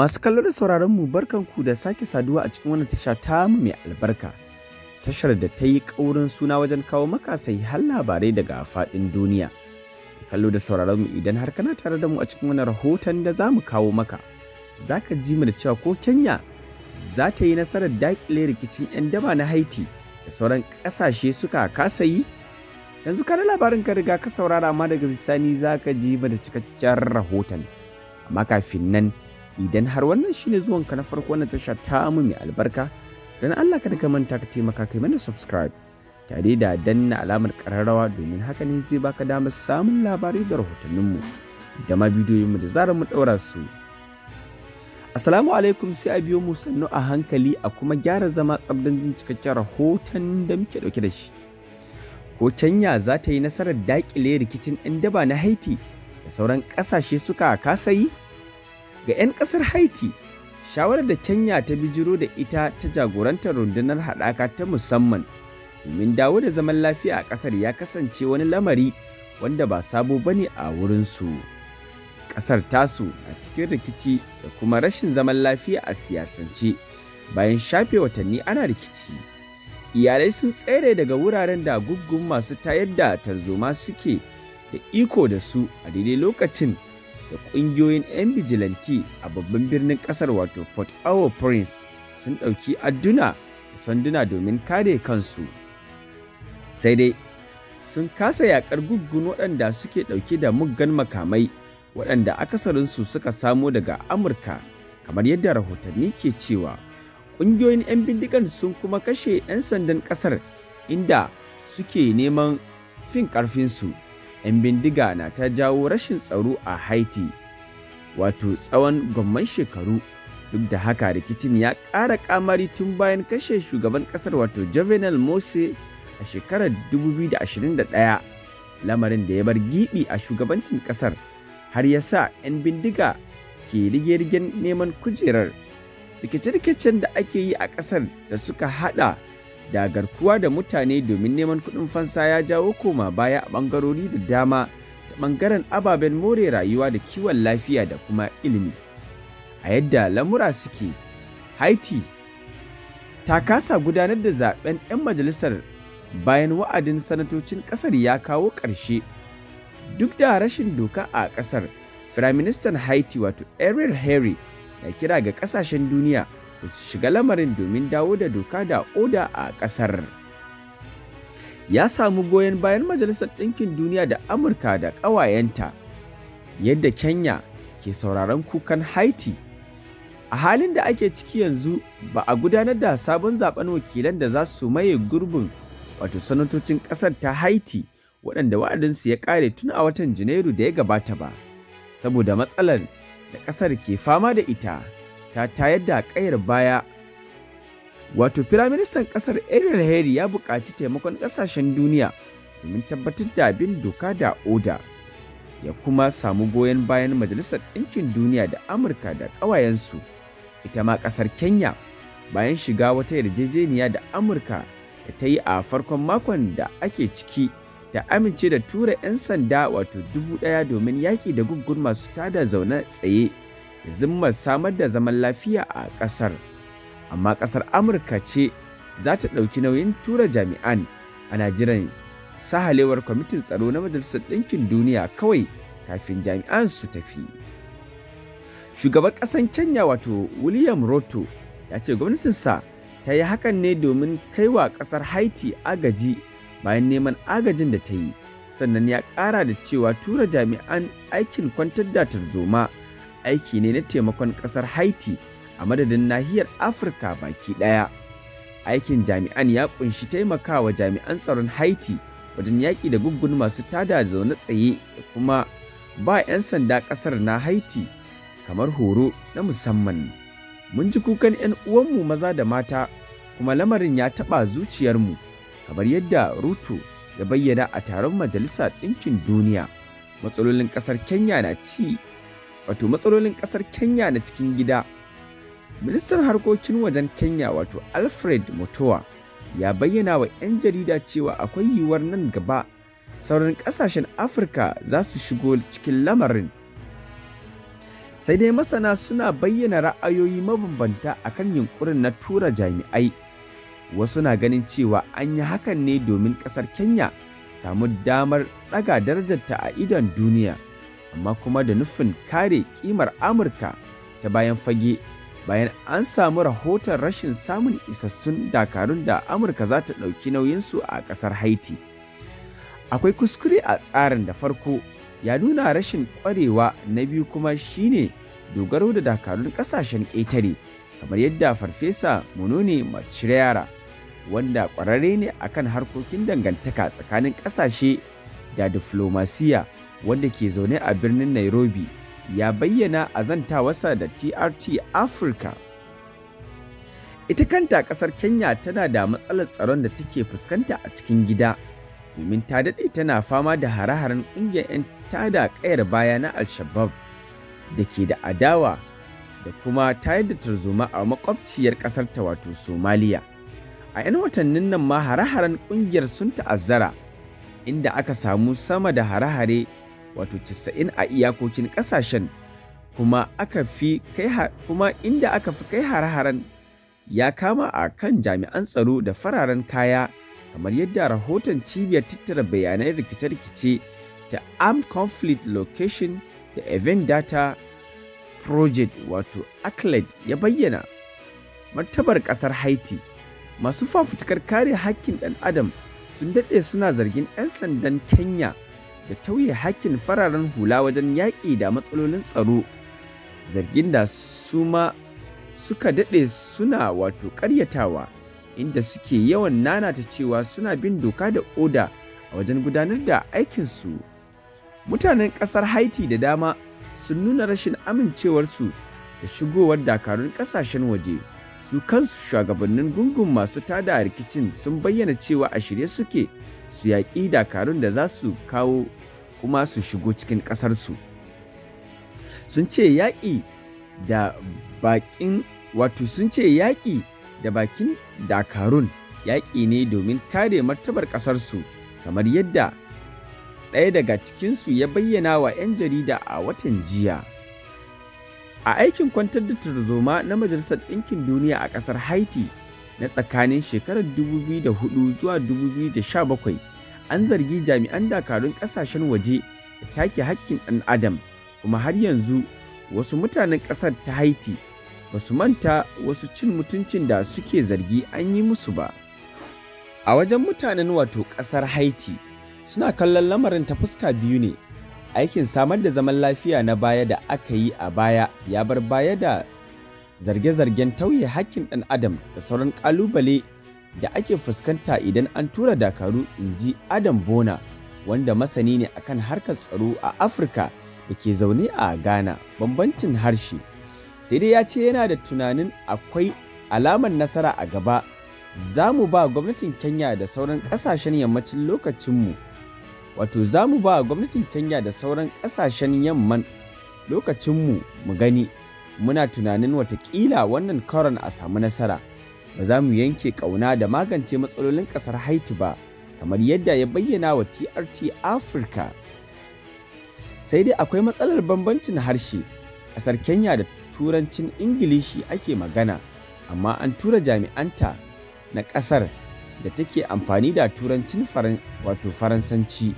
Masu kallo da sauraron mu barkanku da sake saduwa a cikin wannan tasha ta mu mai albarka. Tashar da ta yi ƙaurin suna wajen kawo maka sai har labarai daga faɗin duniya. Kallo da sauraron mu idan har kana tare da mu a cikin wannan rahoton da za mu kawo maka. Za ka ji mu da cewa ko Kenya za ta yi nasarar daƙile rikicin 'yan daba na Haiti da sauran ƙasashe suka kasa yi. Yanzu kana labarin ka riga ka saurara amma daga bisani za ka ji mu da cikakken rahoton. Amma kafin nan idan har wannan shine zuwanka na farko na tasha ta mu mai albarka don Allah kada ka manta ka taimaka kai mana subscribe tare da danna alamar kararrawa domin haka ne zai baka damar samun labarai da rahotanninmu da ma bidiyoyinmu da zarar mu daura su Assalamu alaikum sai a biyo mu sannu a hankali a kuma gyara zama tsabdan jin cikakken rahoton da muke dauke da shi ko Kenya za ta yi nasarar dakile rikicin 'yan daba na Haiti da sauran kasashe suka kasa yi Ga 'yan ƙasar Haiti, shawarar da Kenya ta bijiro da ita ta jagorantar rundunar haɗaka ta musamman domin dawo da zaman lafiya a ƙasar ya kasance wani lamari wanda ba sabo ba ne a wurinsu. Ƙasar tasu a cikin rikici da kuma rashin zaman lafiya a siyasance bayan shafe watanni ana rikici. Iyalai sun tsere daga wuraren da guggun masu tayar da tarzoma suke da iko da su a daidai lokacin da ƙungiyoyin 'yan bijilanti a babban birnin ƙasar wato port au prince sun ɗauki adduna da sanduna domin kare kansu sai dai sun kasa yakar guggun waɗanda suke ɗauke da muggan makamai waɗanda akasarinsu suka samo daga amurka kamar yadda rahotanni ke cewa ƙungiyoyin 'yan bindigan sun kuma kashe 'yan sandan ƙasar inda suke neman fin ƙarfinsu. 'yan bindiga na ta jawo rashin tsaro a haiti wato tsawon gwamman shekaru duk da haka rikicin ya ƙara kamari tun bayan kashe shugaban ƙasar wato jovenel mose a shekarar 2021 lamarin da ya bar gibi a shugabancin ƙasar har ya sa 'yan bindiga ke rige-rigen neman kujerar rikice-rikicen da ake yi a ƙasar da suka haɗa. da garkuwa da mutane domin neman kuɗin fansa ya jawo koma baya a ɓangarori da dama ta ɓangaren ababen more rayuwa da kiwon lafiya da kuma ilimi. A yadda lamura suke, Haiti ta kasa gudanar da zaben 'yan majalisar bayan wa'adin sanatocin ƙasar ya kawo ƙarshe. Duk da rashin doka a ƙasar, Firaministan Haiti wato Ariel Henry na kira ga ƙasashen duniya su shiga lamarin domin dawo da doka da oda a ƙasar. Ya samu goyon bayan Majalisar Ɗinkin Duniya da Amurka da ƙawayenta, yadda Kenya ke sauraron kukan Haiti. A halin da ake ciki yanzu ba a gudanar da sabon zaben wakilan da za su maye gurbin wato sanatocin ƙasar ta Haiti waɗanda wa'adinsu ya ƙare tun a watan Janairu da ya gabata ba, saboda matsalar da ƙasar ke fama da ita. ta tayar da ƙayar baya wato firaministan kasar ariel henry ya buƙaci taimakon ƙasashen duniya domin tabbatar da bin doka da oda ya kuma samu goyon bayan majalisar ɗinkin duniya da amurka da ƙawayensu ita ma ƙasar kenya bayan shiga wata yarjejeniya da amurka da ta yi a farkon makon da ake ciki ta amince da tura 'yan sanda wato dubu ɗaya domin yaƙi da guggun masu tada zaune tsaye zimmar samar da zaman lafiya a ƙasar amma ƙasar amurka ce za ta ɗauki nauyin tura jami'an ana jiran sahalewar kwamitin tsaro na majalisar ɗinkin duniya kawai kafin jami'an su tafi shugaban ƙasar kenya wato william roto ya ce sa ta yi hakan ne domin kai wa ƙasar haiti agaji bayan neman agajin da ta yi sannan ya ƙara da cewa tura jami'an aikin kwantar da tarzoma aiki ne na taimakon ƙasar Haiti a madadin nahiyar Afirka baki ɗaya. Aikin jami'an ya ƙunshi taimakawa jami'an tsaron Haiti wajen yaƙi da guggun masu tada zaune tsaye da kuma ba 'yan sanda ƙasar na Haiti kamar horo na musamman. Mun ji kukan 'yan uwanmu maza da mata kuma lamarin ya taɓa zuciyarmu kamar yadda Ruto ya bayyana a taron Majalisar Ɗinkin Duniya. Matsalolin ƙasar Kenya na ci wato matsalolin ƙasar Kenya na cikin gida. Ministan harkokin wajen Kenya wato Alfred Mutua ya bayyana wa 'yan jarida cewa akwai yiwuwar nan gaba sauran ƙasashen Afirka za su shigo cikin lamarin. Sai dai masana suna bayyana ra'ayoyi mabambanta a kan yunkurin na tura jami'ai. Wasu na ganin cewa an yi hakan ne domin ƙasar Kenya samu damar ɗaga darajarta a idon duniya. amma kuma da nufin kare kimar amurka ta bayan fage bayan an samu rahoton rashin samun isassun dakarun da amurka za ta ɗauki nauyinsu a ƙasar haiti akwai kuskure a tsarin da farko ya nuna rashin ƙwarewa na biyu kuma shine dogaro da dakarun ƙasashen ƙetare kamar yadda farfesa monone machirera wanda ƙwararre ne akan harkokin dangantaka tsakanin ƙasashe da diflomasiya wanda ke zaune a birnin Nairobi ya bayyana a zantawarsa da TRT Africa. Ita kanta ƙasar Kenya tana da matsalar tsaron da take fuskanta a cikin gida, domin ta daɗe tana fama da hare-haren ƙungiyar 'yan tada ƙayar baya na Al-Shabab da ke da adawa da kuma tayar da tarzoma a makwabciyar ƙasar ta wato Somalia, A 'yan watannin nan ma hare-haren ƙungiyar sun ta'azzara, inda aka samu sama da hare-hare wato 90 a iyakokin ƙasashen kuma aka fi kai kuma inda aka fi kai hare-haren ya kama a kan jami'an tsaro da fararen kaya kamar yadda rahoton cibiyar tattara bayanai rikice-rikice ta Armed Conflict Location da Event Data Project wato ACLED ya bayyana. Martabar ƙasar Haiti masu fafutukar kare hakkin ɗan adam sun daɗe suna zargin 'yan sandan Kenya da tauye hakkin fararen hula wajen yaƙi da matsalolin tsaro zargin da su ma suka daɗe suna wato ƙaryatawa inda suke yawan nanata cewa suna bin doka da oda a wajen gudanar da aikinsu mutanen ƙasar haiti da dama sun nuna rashin amincewarsu da shigowar dakarun ƙasashen waje su kansu shugabannin gungun masu tada rikicin sun bayyana cewa a shirye suke su yaƙi dakarun da za su kawo kuma su shigo cikin ƙasarsu sun ce yaƙi da bakin wato sun ce yaƙi da bakin dakarun yaƙi ne domin kare martabar ƙasarsu kamar yadda ɗaya daga cikinsu ya bayyana wa 'yan jarida a watan jiya a aikin kwantar da turzoma na majalisar ɗinkin duniya a ƙasar haiti na tsakanin shekarar 2004 zuwa 2017 an zargi jami'an dakarun kasashen waje da take hakkin ɗan adam kuma har yanzu wasu mutanen ƙasar ta haiti ba su manta wasu cin mutuncin da suke zargi an yi musu ba a wajen mutanen wato ƙasar haiti suna kallon lamarin ta fuska biyu ne aikin samar da zaman lafiya na baya da aka yi a baya ya bar baya da zarge-zargen tauye hakkin ɗan adam da sauran ƙalubale da ake fuskanta idan an tura dakaru in ji adam bona wanda masani ne akan harkar tsaro a afirka da ke zaune a ghana bambancin harshe sai dai ya ce yana da tunanin akwai alamar nasara a gaba za mu ba gwamnatin kenya da sauran kasashen yammacin lokacinmu wato za mu ba gwamnatin kenya da sauran kasashen yamman lokacinmu mu gani muna tunanin watakila wannan karon a samu nasara ba za mu yanke ƙauna da magance matsalolin ƙasar haiti ba kamar yadda ya bayyana wa trt africa sai dai akwai matsalar bambancin harshe ƙasar kenya da turancin ingilishi ake magana amma an tura jami'anta na ƙasar da take amfani da turancin faransanci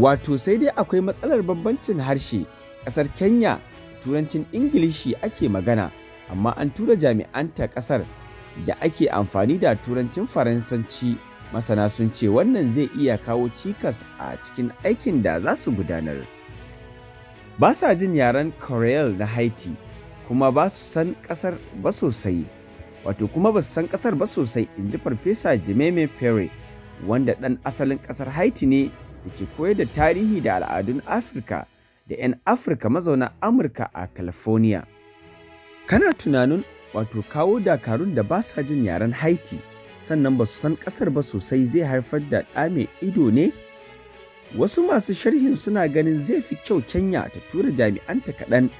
wato sai dai akwai matsalar bambancin harshe ƙasar kenya turancin ingilishi ake magana amma an tura jami'an ta ƙasar da ake amfani da turancin faransanci masana sun ce wannan zai iya kawo cikas a cikin aikin da za su gudanar ba sa jin yaren Corel na haiti kuma ba su san kasar ba sosai wato kuma ba su san kasar ba sosai in ji farfesa jimeme perry wanda ɗan asalin kasar haiti ne da ke koyar da tarihi da al'adun afirka da 'yan afirka mazauna amurka a california kana tunanin wato kawo dakarun da ba sa jin yaren haiti sannan ba su san ƙasar ba sosai zai haifar da ɗa mai ido ne wasu masu sharhin suna ganin zai fi kyau kenya ta tura jami'anta kaɗan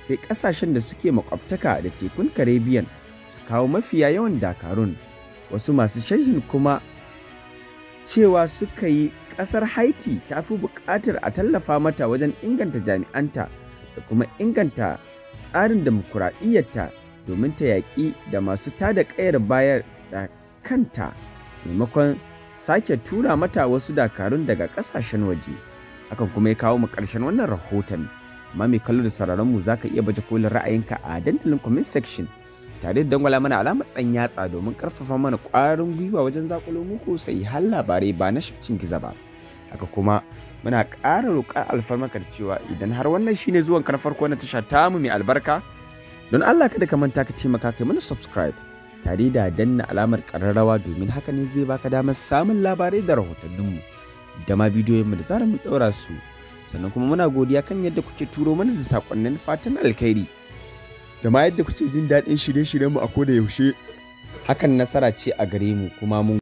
sai ƙasashen da suke makwabtaka da tekun caribbean su kawo mafiya yawan dakarun wasu masu sharhin kuma cewa suka yi ƙasar haiti ta fi buƙatar a tallafa mata wajen inganta jami'anta da kuma inganta tsarin dimokuraɗiyyarta domin ta yaƙi da masu tada ƙayar bayar da kanta maimakon sake tura mata wasu dakarun daga ƙasashen waje hakan kuma ya kawo mu ƙarshen wannan rahoton amma mai kallo da sauraron mu zaka iya baje kolin ra'ayinka a dandalin comment section tare da dangwala mana alamar ɗan yatsa domin ƙarfafa mana ƙwarin gwiwa wajen zakulo muku sai har labarai ba na shafcin giza ba haka kuma muna ƙara roƙar alfarmaka da cewa idan har wannan shine zuwan ka na farko na tasha tamu mai albarka don Allah kada ka manta ka taimaka kai mana subscribe tare da danna alamar ƙararrawa domin haka ne zai baka damar samun labarai da rahotanninmu da ma bidiyoyinmu da zarar mu ɗaura su sannan kuma muna godiya kan yadda kuke turo mana da sakonnin fatan alkhairi da ma yadda kuke jin daɗin shirye-shiryenmu a koda yaushe hakan nasara ce a gare mu kuma mun